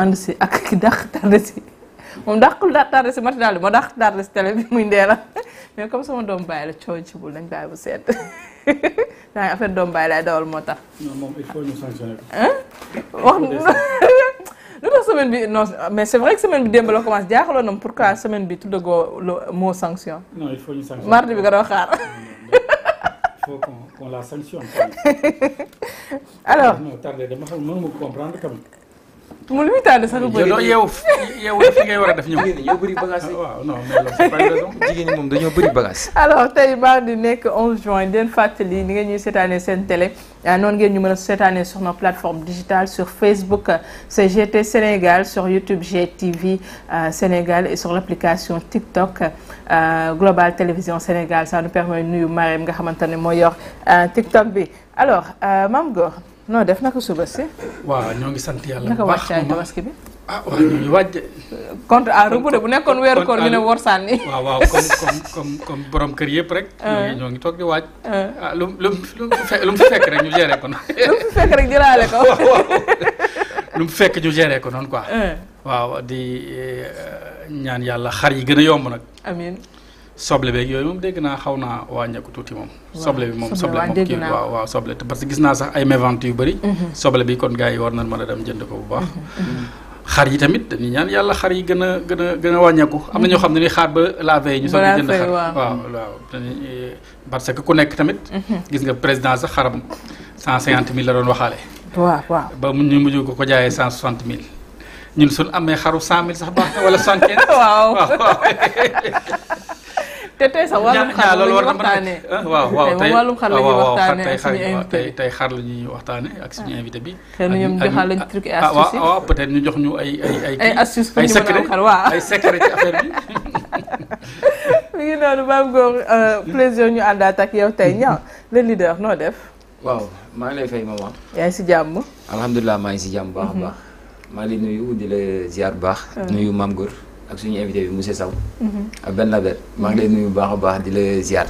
ànd ak ki dàq tardé si moom dàqul daa tardé si matinal bi moo dàq tardé bi muy ndela mais comme sama dom baye la coow ci bul nañ baye bu sedd da ngi affaire dom baye laay dawal moo tax. non mom il faut nous sanctionner hein wax semaine bi non mais c'est vrai que semaine bi démb la commence jaaxaloon na pourquoi semaine bi tout tuddagoo le mot sanction. non il faut nous sanctionner mardi bi nga doon xaar. faut qu'on la sanctionne. alors non tardé dama xam mënuma comprendre comme mu lu est là fi a def alors tey maa di 11 juin den fàttali ni année, ñuy seetaanee télé ah, noonu ngeen ñu mën sur nos plateformes digitales sur Facebook c'est GT Sénégal sur YouTube GTV euh, Sénégal et sur l'application TikTok euh, Global Télévision Sénégal ça nous permet de nous nga xamante ne moo euh, TikTok bi alors Mame non def na ko suba si. waaw ñoo ngi sant yàlla. bu baax naka wàccaay tabaski bi. ah waaw bu nekkoon weeru koor ñu ne wor sànni. waaw waaw comme comme comme comme kër yëpp rek. Ah. ñoo ngi ñoo ngi ah. Ah, lu lu mu fi fekk rek ñu géré ko noonu. lu mu fekk rek jëlaale ko. ko waaw di eh, ñaan yàlla xar yi gën a yomb nag. amiin. soble beeg yooyu moom dégg naa xaw naa wàññeeku tuuti moom. soble bi moom soble moom kii waaw waaw soble parce que gis naa sax ay mévente yu bëri. Mhm. bi yi war a dem jënd mhm, mhm. yi tamit dañuy ñaan yàlla xar yi gën a gën a gën a wàññeeku. am na ñoo xam ne ni xaar ba la veille ñu soog a jënd xar waaw parce que ku nekk tamit. gis nga président sax xaram 150000 la doon waxaale. waaw waaw ba mu ñu mujj ko ko jaayee 160000. ñun suñ amee xaru 100000 sax baax na wala 75. waaw waaw. te tey sax wàllum xar la ñuy waxtaanee waaw waaw eh, ah, tey xar la ñuy ak suñu invité tey xar la ñuy waxtaanee ak suñu invité bi. xëy na ñoom ñu joxal lañ truc et ah, astuce yi waaw peut-être ñu jox ñu ay ay ay. a xar waaw ay secret ci affaire bi. mi ngi noonu Mame Gor euh, plaisir ñu àndaat ak tey ñaaw le leader noo def. waaw maa ngi lay fay maman. yaa si jàmm. alhamdulilah maa ngi si jàmm waxam a baax. Mm-hmm. maa ngi lay nuyu di la ziar baax. Ah. nuyu Mame Gor. ak suñu invité bi monsieur Sow. Mhm. ak Ben Label maa ngi lay nuyu bu baax a baax di la ziar.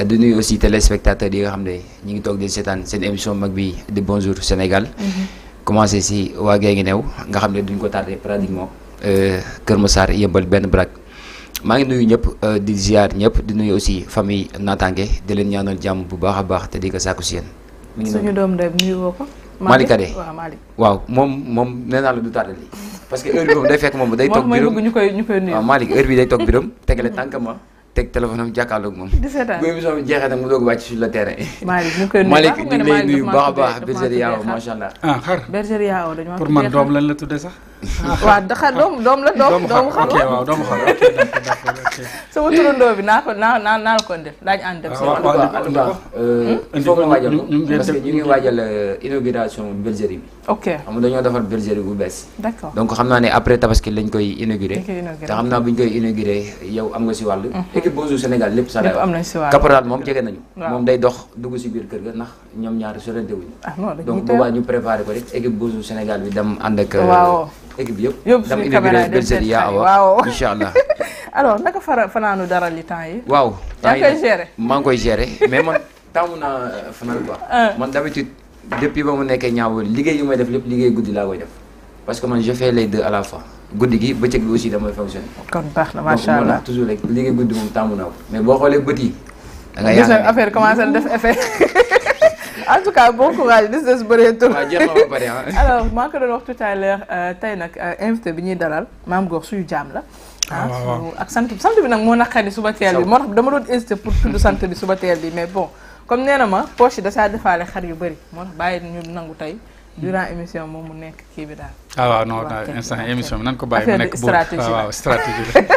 Eh, di nuyu aussi téléspectateurs yi nga xam ne ñu ngi toog di seetaan seen émission mag bi di bonjour Sénégal. Mhm. commencé si waa ngi new nga xam ne duñ ko tardé pratiquement. Euh, Kër Massar yëmbal benn brak. maa ngi nuyu ñëpp euh, di ziar ñëpp di nuyu aussi famille Natange di leen ñaanal jàmm bu baax a baax te di ko sàkku si yéen. suñu doom de nuyu woo ko. Malick Kade waaw Malick waaw moom moom nee naa la du tardé lii. parce que heure bi moom day fekk moom day toog biram ñu koy day toog biram tegale tànkama teg téléphone am jàkkaarloog moom bu émission jeexee nag mu doog wàcc sur le terrain Malick ñu koy nuyu Malick baax a baax bergerie Yaaw allah ah xar bergerie pour man doom lan la tuddee sax Ah, waaw daxa doom doom la doom doomu xar la waaw doomu xar sama turandoo naa ko naa naa naa la ko def daañu ànd dem sama parce hmm? euh, ñu waajal euh, inauguration bergerie bi xam dañoo defar bergerie bu bees d'accord donc xam naa ne après tabaski lañ koy inauguré te xam naa bu ñu koy inauguré yow am nga si wàll mhm. équipe Bonjour Sénégal lépp sa am nañ si wàll caporal moom jege nañu moom day dox dugg si biir kër ga ndax ñoom ñaar sorante wuñu ah, donc boobaa ñu préparé ko rek équipe Bonjour Sénégal bi dem ànd ak euh, équipe bi yëpp. yóbbu suñu caméra dem seet yaa waaw incha allah. alors naka fanaanu dara li temps yi. waaw yaa koy gérer mais man taamu naa euh, fanaan quoi. man d'habitude depuis ba mu nekkee ñaaw liggéey yu may def lépp liggéey guddi laa koy def parce que man je fais les deux la fois guddi gi bëccëg bi aussi damay fonctionner. kon baax na macha allah toujours rek liggéey guddi moom taamu naa ko mais boo xoolee bët yi. da nga yaakaar affaire commencé def effet. en tout cas bon courage des des bëreetul. waaw jeex maa ko doon wax tout à l'heure euh, tey nag euh, invité bi ñuy dalal maam Gor suñu jaam la. Ah, ah, waaw ak sant sant bi nag moo naqari suba teel bi moo tax dama doon hésité pour tudd sant bi suba teel bi mais bon comme nee na ma poche yi dasaa defaale xar yu bëri moo tax bàyyi ñu nangu tey. durant émission moom mu nekk kii bi daal. ah waaw non instant émission bi nan ko bàyyi mu nekk stratégie ah, waaw stratégie la.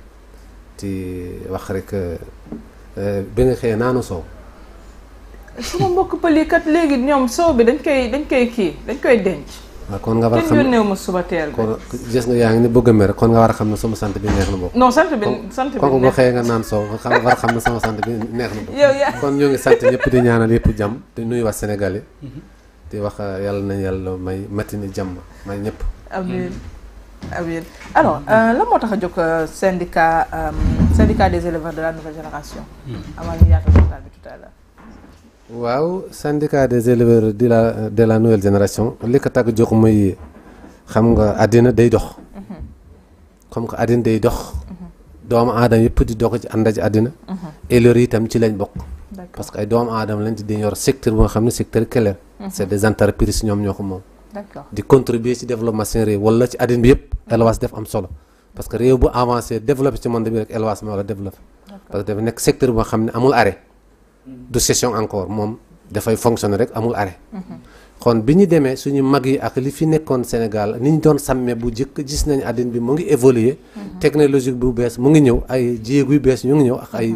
ci wax rek bi nga xëyee naanu soow. sama mbokk pël yi kat léegi ñoom soow bi dañ koy dañ koy kii dañ koy denc. Ah, kon nga war a xam kenn yónneewu ma suba yaa ngi ni bëgg a mer kon nga war a xam ne sama sant bi neex na bopp. non sant bi sant bi kooku boo xëyee a xam ne sama sant bi neex na bopp. kon ñoo ngi sant ñëpp di ñaanal yëpp jàmm te nuyu wax Sénégal yi. Mhm. di wax euh, yàlla nañ yàlla may matini jàmm may ñëpp. amiin alors mm-hmm. euh, lan moo tax a jóg ko euh, euh, syndicat des éleveurs de la nouvelle génération. Mm-hmm. amaa ñu yaatal waxtaan bi des éleveurs de la de nouvelle génération li ko tagg jóg muy xam nga àddina day dox. Mm-hmm. comme que àddina day dox. doomu aadama yëpp di dox ci ànd ci àddina. éleveurs yi ci lañ bokk. parce que ay doomu aadama lañ di yor secteur boo xam ne secteur clé. c'est des entreprises ñoom ñoo ko moom. d'accord di contribuer ci développement seen réew wala ci àddina bi yëpp élevage def am solo parce que réew bu avancé développé ci monde bi rek élevage moo la développé parce que dafa nekk secteur boo xam ne amul arrêt mm-hmm. du session encore moom dafay fonctionner rek amul arrêt mm-hmm. kon bi ñu demee suñu mag yi ak li fi nekkoon Sénégal ni ñu doon sàmmee bu jëkk gis nañ àddina bi mu ngi évoluer mm-hmm. technologie bu bees mu ngi ñëw ay jéegu yu bees ñu ngi ñëw ak ay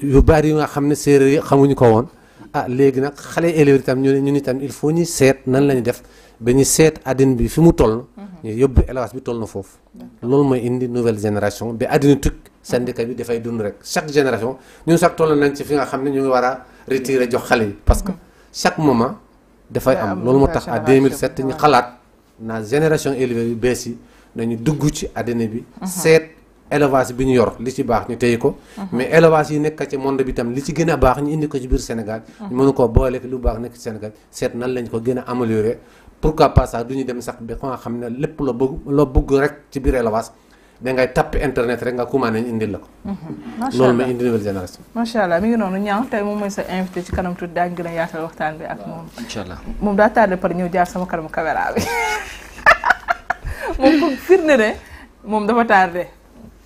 yu bari yu nga xam ne séeréer yi xamuñu ko woon ah léegi nag xale élèves itam ñu ne tam il faut ñu sét nan lañu def ba ñu sét adine bi fi mu toll. Mhm. ñu yobbu élevage bi toll na foofu. loolu mooy indi nouvelle génération ba adine tuk syndicat bi dafay dund rek chaque génération ñun sax toll nañ ci fi nga xamné ñu ngi war retirer jox xalé parce que mhm. chaque moment. dafay am loolu moo tax à 2007 ñi xalat na génération éleveurs bi bees nañu dugg ci adine bi mhm. sét élevage bi ñu yor li ci baax ñu téye ko mhm. mais élevage yi nekk ci monde bi tam li ci gën a baax ñu indi ko ci biir Sénégal mhm. ñu mënu ko boole lu baax nekk ci Sénégal seet nan lañ ko gën a améliorer pourquoi pas sax du ñu dem sax bi nga xam ne lépp la bëgg la bëgg rek ci biir élevage dangay tapp internet rek nga commandé ñu indil la ko mhm. loolu mooy indi nouvelle génération macha allah mi ngi noonu ñaaw tey moom mooy sa invité ci kanam tuuti daañu gën a yaatal waxtaan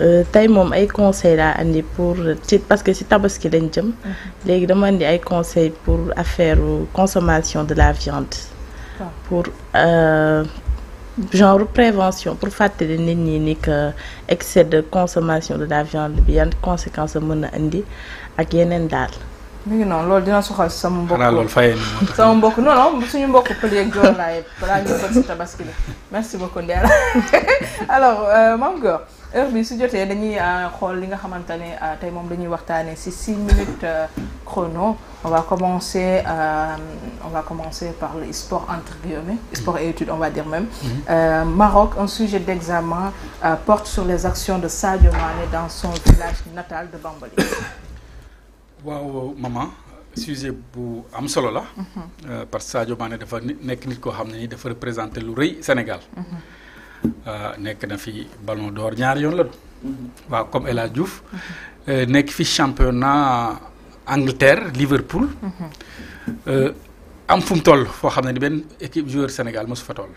Euh, tay mom ay conseil à andi pour parce que ci tabaski lañ jëm. Mhm. légui dama andi ay conseil pour affaire consommation de la viande. pour euh, genre prévention pour fàttali nit ñi ni que excès de consommation de la viande bi yan conséquences mën a indi ak yenen daal. mi ngi noonu loolu dina soxal sama mbokk xanaa loolu fayee sama mbokk non non suñu mbokk pël yeeg joor laa yëpp balaa ñu bëgg si tabaski la merci beaucoup Ndella alors euh, Mame Goor heure bi su jotee dañuy euh, xool li nga xamante ne euh, tey moom dañuy waxtaanee ci six minutes euh, chrono on va commencer euh, on va commencer par le sport entre guillemets sport et études on va dire même mhm. euh, Maroc un sujet d'examen porte sur les actions de Sadio Mané dans son village natal de Bambali waaw maman sujet bu am solo la mhm. parce Sadio Mané dafa nekk nit koo xam ne dafa représenter lu rëy Sénégal mhm. Euh, nek na fi ballon d'or ñaar yoon la. wa comme El Hadj Diouf. Euh, nekk fi championnat Angleterre Liverpool. Euh, am fu toll fo xamné ni équipe joueur Sénégal mosu fa toll.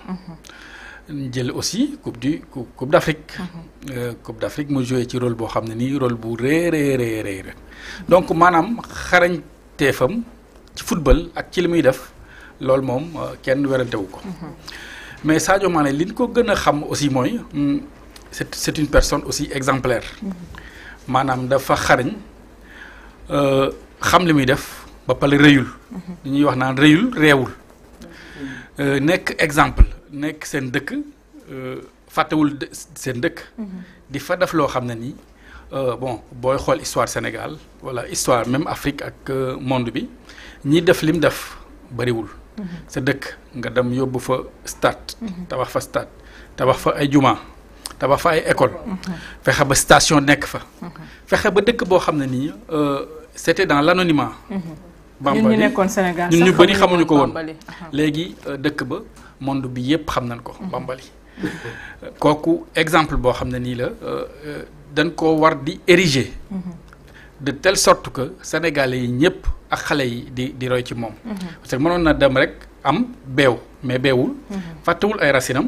jël aussi coupe du coupe d'Afrique, Afrique. coupe d'Afrique Afrique mu joué ci rôle bo xamné ni nii rôle bu rëy rëy rëy donc xarañ xarañteefam ci football ak ci limuy def loolu mom kenn wérante wuko mais Sadio Mané li ko gëna xam aussi moy hmm, c'est c'est une personne aussi exemplaire mm-hmm. maanaam dafa xarañ euh, xam li muy def ba pale rëyul mm-hmm. li ñuy wax naan rëyul réewul mm-hmm. euh, nek exemple nek seen dëkk euh, fàttewul sen dëkk di fa def lo xamna ni euh bon boy xol histoire Sénégal voilà histoire même Afrique ak monde bi ñi def lim def bariwul sa dëkk nga dem yóbbu fa stade tabax fa stade tabax fa ay juma tabax fa ay école fexe ba station nekk fa fexe ba dëkk boo xam ne nii euh, c'était dans l'anonymat bambali ñun ñu nekkoon Sénégal ñun ñu bëri xamuñu ko woon léegi euh, dëkk ba monde bi yépp xam nañ ko bambali kooku exemple boo xam ne nii la euh, dañ ko war di ériger mhm. de telle sorte que sénégalais yi ñëpp ak xale yi di di roy ci moom. Mhm. parce que mënoon na dem rek am beew mais beewul. Mhm. fàttewul ay racinam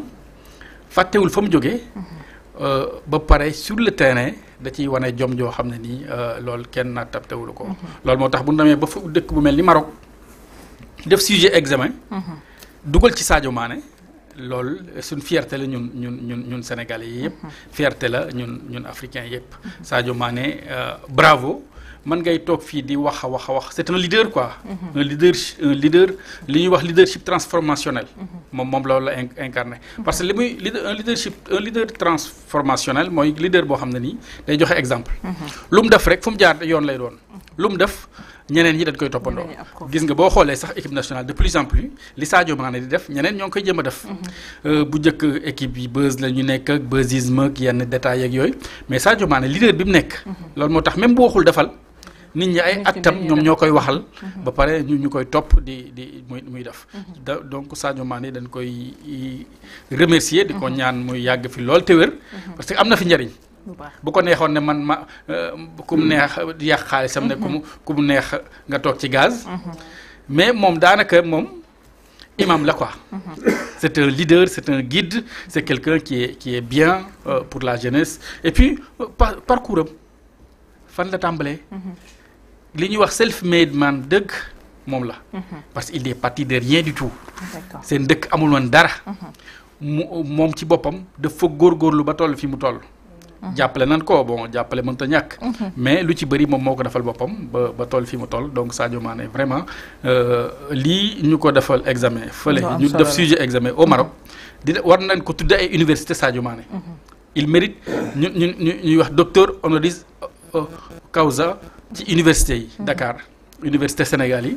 fàttewul fa mu jógee. Mhm. Euh, ba pare sur le terrain da ciy wane jom joo xam ne nii euh, lool kenn naat tabtewul ko. loolu moo tax bu ñu ba fu dëkk bu mel ni Maroc def sujet examen. dugal ci Sadio Mané. loolu suñ fierté la ñun ñun ñun ñun Sénégalais yi yëpp. fierté la ñun ñun africains yëpp. Sadio Mané euh, bravo. man ngay tok fi di wax wax wax c'est un leader quoi. Mhm. un leader un leader li ñuy wax leadership transformationnel. Mhm. moom moom loolu la incarné. Mhm. parce que li un leadership un leader transformationnel moy leader bo xam ni day joxe exemple. Lum mu def rek fum jaar yoon lay doon. lum def ñeneen ñi dañ koy toppandoo. gis nga boo xoolee sax équipe nationale de plus en plus li Sadio Mané di def ñeneen ñoo ngi koy jëm a def. Euh, bu njëkk équipe yi buzz la ñu nekk ak buzzisme ak yenn détails ak yooyu mais Sadio Mané leader bi mu nekk. loolu moo tax même bu waxul defal nit ñi ay koi wahal, ñoo koy waxal mhm. ba pare ñu di di muy def mhm. donc Sadio Mané dañ koy remercier di konyan mhm. ñaan muy yàgg fi lool te parce que am na fi njariñ bu ko ne man ma euh, ku mu neex yàq xaalisam ne ku mu neex nga toog ci gaz mais moom daanaka moom imam là quoi. C'est un leader, c'est un guide, c'est quelqu'un qui est, qui est bien euh, pour la jeunesse. Et puis, euh, par, parcours, fan de li ñuy wax self made man la. Mhm. parce qu'il est parti de rien du tout. seen dëkk amul woon dara. Mhm. moom ci boppam dafa góorgóorlu ba toll fi mu toll. Mhm. jàppale nan ko bon jàppale mënta ñàkk. mais lu ci bëri moom moo ko defal ba ba toll donc Sadio Mané vraiment euh, lii ñu ko defal examen. ñu sujet examen au Maroc. di war nañ université il mérite ñu ñu wax docteur honoris causa ci université de mhm. Dakar université sénégalaise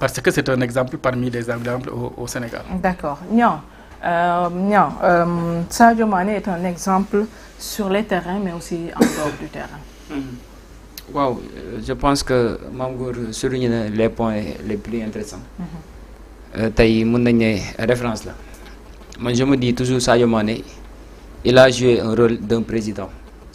parce que c'est un exemple parmi les exemples au, Sénégal d'accord non euh, euh, Sadio Mané est un exemple sur les terrains mais aussi en dehors du terrain mhm. wow euh, je pense que Mame souligne les points les plus intéressants Taï mon nañ référence là Moi, je me dis toujours Sadio Mane il a joué un rôle d'un président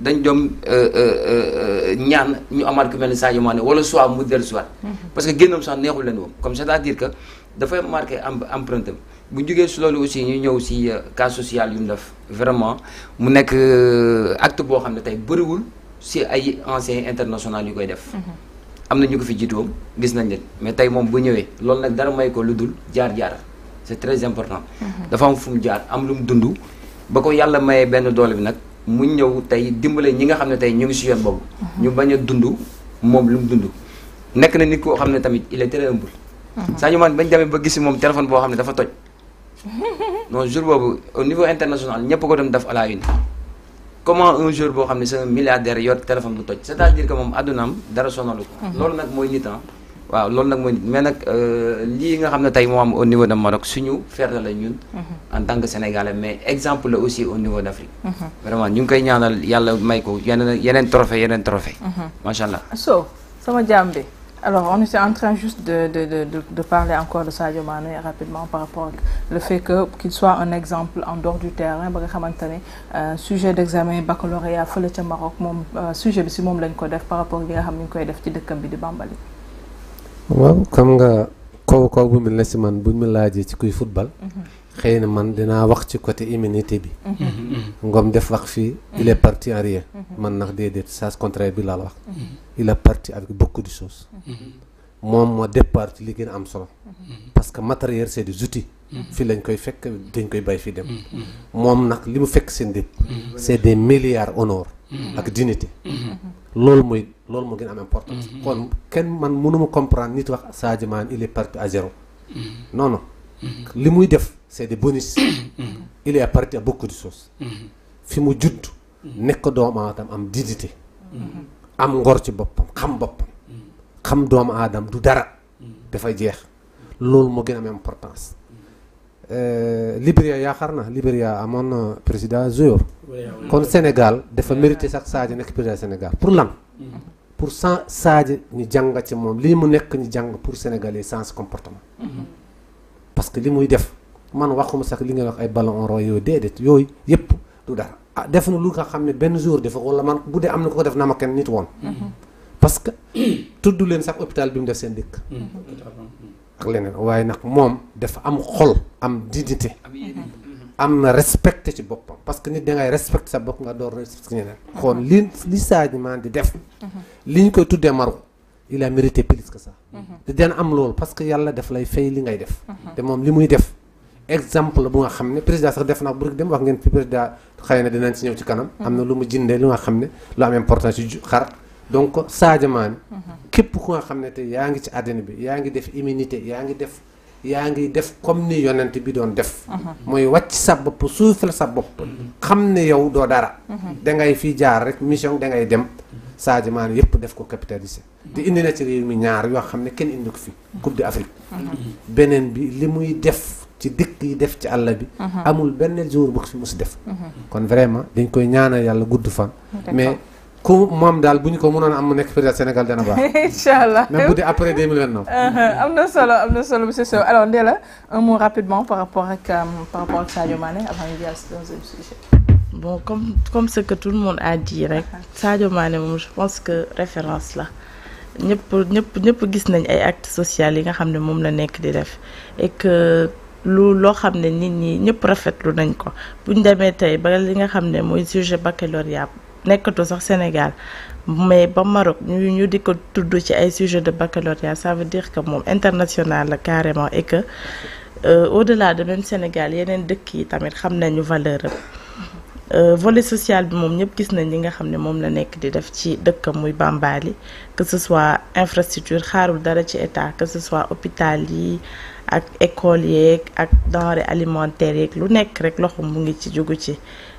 dañ doon euh, euh, euh, ñaan ñu amaat ku mel ni ma Mané wala soit mu dellusiwaat. Mhm. parce que génnam sax neexul leen woon comme c'est-à-dire que dafay marqué am bu jógee si loolu aussi ñu ñëw si cas social yu mu def vraiment mu nekk acte boo xam ne tey bëriwul si ay anciens internationaux yu koy def. Mhm. am na ñu ko fi jiitoom gis nañ leen mais tey moom bu ñëwee loolu nag dara may ko lu dul jaar-jaar c'est très important. Mhm. dafa am fu jaar am lu mu dund ba ko yàlla mayee benn doole bi mu ñëw tey dimbale ñi nga xam ne tey ñu ngi si yoon boobu. ñu bañ a dund moom lu mu dund. nekk na nit koo xam ne tamit il est très humble. ñu mhm. man bañ demee ba gis moom téléphone boo xam ne dafa toj. non jour boobu au niveau international ñëpp ko doon def à la une. comment un jour boo xam ne c'est un milliardaire yor téléphone bu toj c'est-à-dire que moom àddunaam dara sonalu ko. Mhm. loolu nag mooy nit waaw mooy mais euh, au niveau de Maroc suñu la ñun. Mhm. en tant que sénégalais mais exemple aussi au niveau d'Afrique. Mhm. vraiment ñu koy ñaanal yàlla may ko yeneen trophée mhm. so alors on était en train juste de parler encore de ça rapidement par rapport le fait que qu'il soit un exemple en dehors du terrain ba nga euh, sujet d'examen, baccalauréat fële Maroc euh, sujet bi si moom lañ par rapport nga xam ñu koy def Bambali. waaw xam nga kaw kaw bu mel ne si man buñ ma laajee ci kuy football. Mhm. xëy na man dinaa wax ci côté immunité bi. Mhm. Mhm, Ngom def wax fii il est bi laa la parti avec beaucoup de choses. moom moo départ ci li gën a am solo. parce que matériel c' est des fii lañ koy fekk dañ koy bay fii dem. moom nag li mu fekk seen dëkk. c' est des milliards honneur ak dignité. loolu mooy loolu moo gën am importance. Mhm. kon kenn man mënuma comprendre nit wax Sadio Mané il est parti à zéro. Mhm. non mhm. li muy def c'est des bonus. il est parti à beaucoup de choses. fi mu judd. nekk doomu aadama am dignité. am ngor ci boppam xam boppam. xam doomu aadama du dara. dafa jeex loolu moo gën am importance. Euh, Libéria yaakaar na Libéria amoon na président Zoyor kon Sénégal dafa mérité sax Sadio nekk président Sénégal pour lan pour san Sadio ñu jàng ci moom lii mu nekk ñu jàng pour sénégalais sans comportement parce que li muy def man waxuma sax li ngay wax ay ballon en roi yooyu déedéet yooyu yëpp du dara ah def na lu nga xam ne benn jour dafa wala man bu dee am na ko ko def na ma kenn nit woon parce que tudd leen sax hôpital bi mu def seen dëkk ak leneen waaye nag moom dafa am xol am dignité am na respecté ci boppam parce que nit da ngay respecté sa bopp nga door respecté ñeneen kon li li Sadio Mané di def li ñu koy tuddee maru il a mérité plus que ça mhm. te den am loolu parce que yàlla daf lay fay li ngay def mhm. te moom li muy def exemple bu nga xam ne président sax def naa bu rek dem wax ngeen fi président xëy na dinañ si ñëw ci kanam mhm. am na lu mu jindee lu nga xam ne lu am importance ci xar donc Sadio Mané képp ku nga xam ne te yaa ngi ci àddina bi yaa ngi def immunité yaa ngi def yaa ngi def comme ni yonent bi doon def mhm. mooy wàcc sa bopp la sa bopp xam ne yow doo dara mhm. dangay fii jaar rek mission dangay dem Sadio Mané yëpp def ko capitalisé di indi na ci réew mi ñaar yoo xam ne kenn indi ko fi mhm. Coupe d'Afrique beneen bi li muy def ci dëkk yi def ci àll bi amul benn jour bu ko fi mos def kon vraiment dañ koy ñaanal yàlla gudd fa ku moom daal bu ñu ko mënoon am mu nekk président Sénégal dana baax. incha allah même bu dee après 2029. Uh-huh. am na solo am na solo monsieur Sow alors la un mot rapidement par rapport ak euh, par rapport ak Sadio Mané avant ñu jàll dans un sujet. bon comme comme ce que tout le monde a dit rek uh-huh. Sadio Mané moom je pense que référence la. ñëpp ñëpp ñëpp gis nañ ay actes sociaux yi nga xam ne moom la nekk di def et que lu loo xam ne nit ñi ñëpp rafetlu nañ ko buñ demee tey ba li nga xam ne mooy sujet baccalauréat sommes sax Sénégal mais ba Maroc ñu que tout sujet de baccalauréat ça veut dire que moom international carrément et que euh, au-delà de même Sénégal yeneen dëkk yi tamit xam valeur am euh, volet social bi gis nga ne la nekk di def ci que ce soit infrastructure xaarul dara que ce soit hôpital yi ak école denrées alimentaires yeeg lu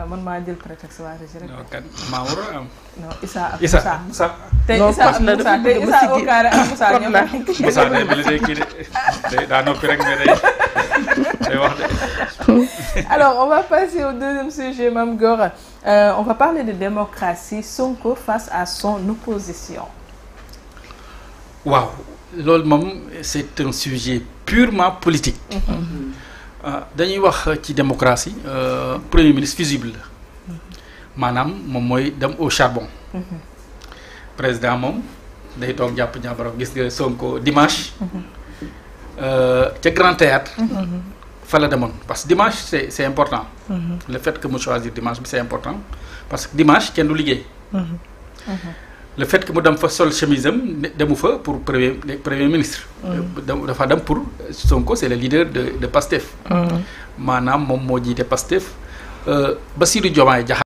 Euh, man maa jël prétexte waa Régis rek. non kat maa war a am. non Issa ak Moussa Issa Moussa. tey Issa ak Moussa tey Issa au carré ak Moussa ñoom. Moussa day mel day kii de day daa noppi rek mais day day wax de. alors on va passer au deuxième sujet Mame Gora euh, on va parler de démocratie Sonko face à son opposition. waaw loolu moom c'est un sujet purement politique. Mm -hmm. Euh, dañuy wax ci démocratie euh, premier ministre fusible la maanaam moom mooy dem au charbon président moom day toog jàpp jàmbaram gis nga Sonko dimanche euh, grand théâtre fa la parce que dimanche c'est important le fait que mu choisir dimanche c'est important parce que dimanche kenn du liggéey le fait que Madame Fassol fa sol chemise pour premier premier ministre. Mm. dafa pour Sonko c'est le leader de Pastef. Mme Momodi de de Pastef mm. euh, basirou Diomaye